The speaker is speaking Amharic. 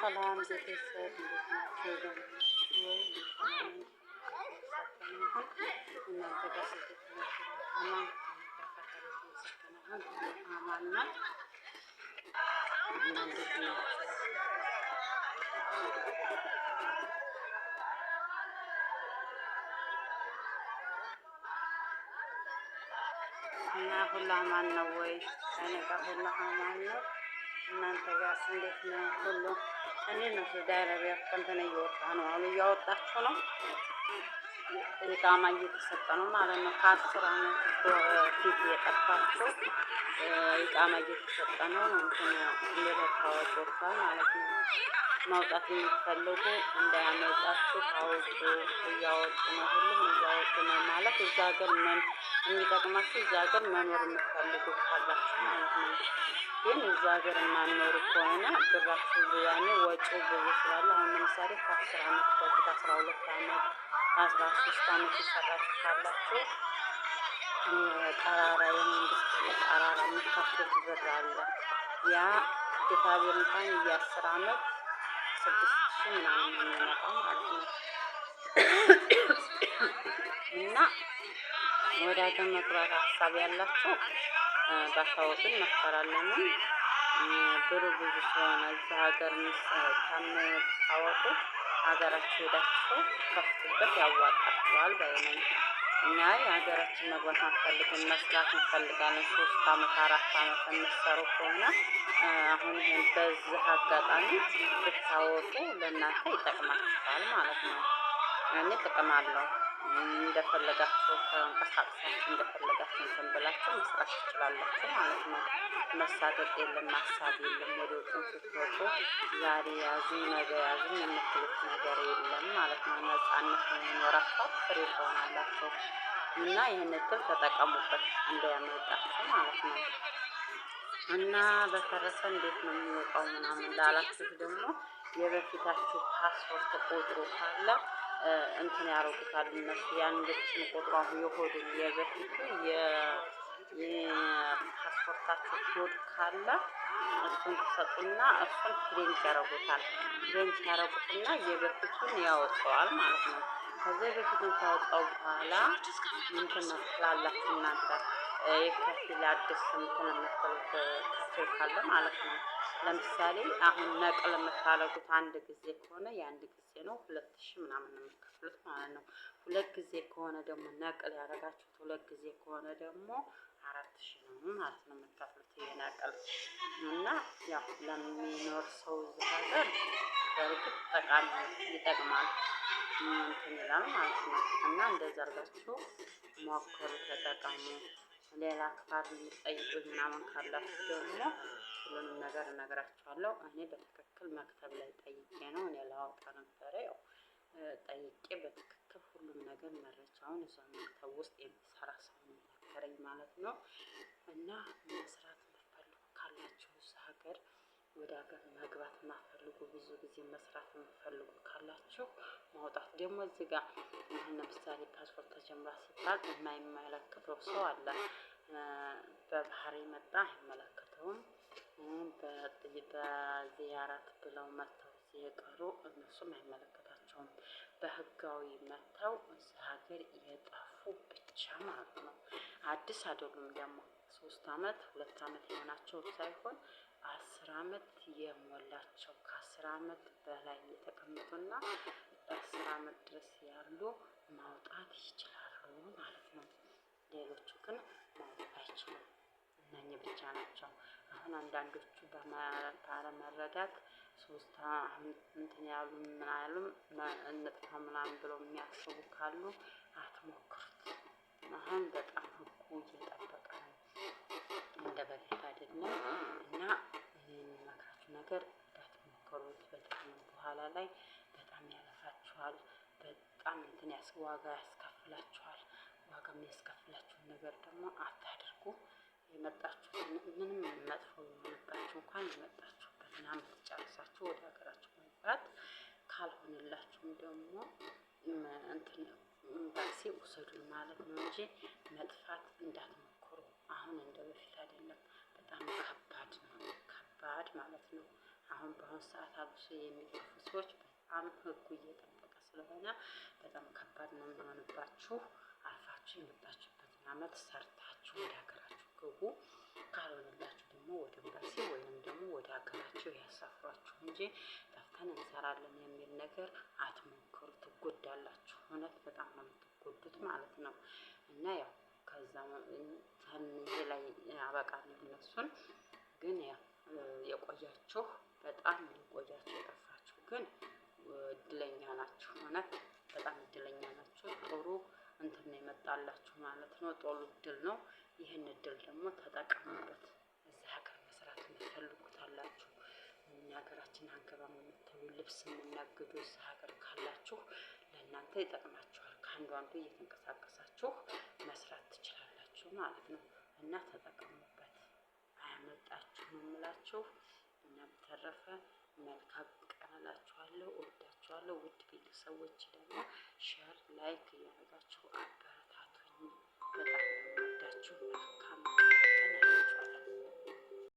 ሰላም ቤተሰብ እና ሁላ አማን ነው ወይ? እኔ ጋር ሁላ አማን ነው። ሀሳስ እንዴት ነው? ሁሉ እኔ ነው ሱዳይ አረቢያ ቀንተነ እየወጣ ነው አሁን እያወጣችሁ ነው። ኢቃማ እየተሰጠ ነው ማለት ነው። ከአስር አመት በፊት የጠፋቸው ኢቃማ እየተሰጠ ነው። እንትን ሌላ ታዋጭ ወጥቷል ማለት ነው። ማውጣት የሚፈልጉ እንዳያመልጣችሁ አውጡ። እያወጡ ነው፣ ሁሉም እያወጡ ነው ማለት እዛ ሀገር መን የሚጠቅማችሁ እዛ ሀገር መኖር የምትፈልጉ ካላችሁ ማለት ነው። ግን እዛ ሀገር የማኖሩ ከሆነ ብራችሁ ብያኔ ወጪ ብዙ ስላለ አሁን ለምሳሌ ከአስር አመት በፊት አስራ ሁለት አመት አስራ መንግስት አመት የሰራችሁ ካላችሁ ጠራራ የመንግስት ጠራራ የሚከፍሉት ብር አለ። ያ ግፋ ቢር እንኳን እያስር አመት ስድስት ሺ ምናምን የሚመጣ ማለት ነው እና ወደ ሀገር መግባት ሀሳብ ያላችሁ ባታወቅን መፈራለንም ብሩ ብዙ ስለሆነ እዚህ ሀገር ከምታወቁት ሀገራችሁ ሄዳችሁ ከፍትበት ያዋጣችኋል ባይነኝ። እኛ የሀገራችን መግባት አንፈልግም፣ መስራት እንፈልጋለን። ሶስት አመት አራት አመት የምትሰሩ ከሆነ አሁን ይህን በዚህ አጋጣሚ ብታወቁ ለእናንተ ይጠቅማችኋል ማለት ነው። እኔ ጥቅም አለው። እንደፈለጋችሁ ከእንቀሳቀሳችሁ እንደፈለጋችሁ እንትን ብላችሁ መስራት ትችላላችሁ ማለት ነው። መሳቀቅ የለም ማሳብ የለም። ወደ ውጭ ስትወጡ ዛሬ ያዙ ነገ ያዙ የምትሉት ነገር የለም ማለት ነው። ነጻነት የሚኖራቸው ፍሬ ትሆናላችሁ እና ይህን እድል ተጠቀሙበት እንዳያመልጣችሁ ማለት ነው። እና በተረፈ እንዴት ነው የሚወጣው ምናምን ላላችሁ ደግሞ የበፊታችሁ ፓስፖርት ቁጥሩ ካለ እንትን ያረጉታል እነሱ ያን ልጅ ቆጥራሁ የሆድን የበፊቱ የፓስፖርታቸው ኮድ ካለ እሱን ትሰጡና እሱን ፕሪንት ያረጉታል። ፕሪንት ያረጉትና የበፊቱን ያወጣዋል ማለት ነው። ከዚህ የበፊቱን ካወጣው በኋላ እንትን ትላላችሁ እናንተ የከፊል አዲስ እንትን የምትሉት ክፍል ካለ ማለት ነው ለምሳሌ አሁን ነቅል የምታደርጉት አንድ ጊዜ ከሆነ የአንድ ጊዜ ነው ሁለት ሺ ምናምን የምትከፍሉት ማለት ነው። ሁለት ጊዜ ከሆነ ደግሞ ነቅል ያደረጋችሁት ሁለት ጊዜ ከሆነ ደግሞ አራት ሺ ነው ማለት ነው የምትከፍሉት የነቅል እና ያው ለሚኖር ሰው እዚህ ሀገር በእርግጥ ጠቃሚ ይጠቅማል እንትን ይላል ማለት ነው እና እንደዚ አድርጋችሁ ሞክሩ፣ ተጠቃሚ ሌላ ክፋት የሚጠይቁ ምናምን ካላችሁ ደግሞ ሁሉንም ነገር እነግራችኋለሁ። እኔ በትክክል መክተብ ላይ ጠይቄ ነው። እኔ ላወጣ ነበረ ያው ጠይቄ በትክክል ሁሉም ነገር መረጃውን እዛ መክተብ ውስጥ የሚሰራ ሰው ነገረኝ ማለት ነው። እና መስራት የምትፈልጉ ካላችሁ እዛ ሀገር ወደ ሀገር መግባት የማፈልጉ ብዙ ጊዜ መስራት የምፈልጉ ካላችሁ ማውጣት ደግሞ እዚህ ጋር ይህን ለምሳሌ ፓስፖርት ተጀምራ ሲባል የማይመለከተው ሰው አለ። በባህር የመጣ አይመለከተውም። በዚህ አራት ብለው መጥተው የቀሩ እነሱም አይመለከታቸውም። በህጋዊ መጥተው እዚህ ሀገር የጠፉ ብቻ ማለት ነው። አዲስ አይደሉም ደግሞ ሶስት አመት ሁለት አመት የሆናቸው ሳይሆን አስር አመት የሞላቸው ከአስር አመት በላይ የተቀመጡና በአስር አመት ድረስ ያሉ ማውጣት ይችላሉ ማለት ነው። ሌሎቹ ግን ማውጣት አይችሉም። እነኚህ ብቻ ናቸው። አሁን አንዳንዶቹ ባለመረዳት ሶስት እንትን ያሉ ምን ያሉም እንጥፋ ምናምን ብለው የሚያስቡ ካሉ አትሞክሩት። አሁን በጣም ህጉ እየጠበቀ ነው፣ እንደ በፊት አይደለም እና የሚመክራችሁ ነገር እንዳትሞክሩት። በጣም በኋላ ላይ በጣም ያለፋችኋል። በጣም እንትን ዋጋ ያስከፍላችኋል። ዋጋ የሚያስከፍላችሁን ነገር ደግሞ አታድርጉ። የመጣችሁበት ምንም መጥፎ የሆነባችሁ እንኳን የመጣችሁበትን አመት ጨርሳችሁ ወደ ሀገራችሁ መግባት ካልሆነላችሁም ደግሞ እንትን ኤምባሲ ውሰዱን ማለት ነው እንጂ መጥፋት እንዳትሞክሩ። አሁን እንደ በፊት አይደለም። በጣም ከባድ ነው፣ ከባድ ማለት ነው። አሁን በአሁኑ ሰዓት አብሶ የሚጠፉ ሰዎች በጣም ህጉ እየጠበቀ ስለሆነ በጣም ከባድ ነው የሚሆንባችሁ። አልፋችሁ የመጣችሁበትን አመት ሰርታችሁ ወደ ሀገራችሁ ግቡ። ካልሆነላችሁ ደግሞ ወደ ኤምባሲ ወይም ደግሞ ወደ ሀገራችሁ ያሳፍሯችሁ እንጂ ጠፍተን እንሰራለን የሚል ነገር አትሞክሩ። ትጎዳላችሁ። እውነት በጣም ነው የምትጎዱት ማለት ነው እና ያው ከዛ ላይ አበቃል። እነሱን ግን የቆያችሁ በጣም የቆያችሁ የጠፋችሁ ግን እድለኛ ናችሁ። እውነት በጣም እድለኛ ናችሁ። ጥሩ እንትን የመጣላችሁ ማለት ነው። ጥሩ እድል ነው። ይህን እድል ደግሞ ተጠቀሙበት። እዚህ ሀገር መስራት የምትፈልጉት አላችሁ፣ እኛ ሀገራችን አንገባም የምትሉ ልብስ የምናግዱ እዚህ ሀገር ካላችሁ ለእናንተ ይጠቅማችኋል። ከአንዱ አንዱ እየተንቀሳቀሳችሁ መስራት ትችላላችሁ ማለት ነው እና ተጠቀሙበት። አያመልጣችሁ የምላችሁ እና በተረፈ መልካም ቀን እላችኋለሁ። እወዳችኋለሁ። ውድ ቤተሰቦች ደግሞ ሸር ላይክ እያደረጋችሁ አለ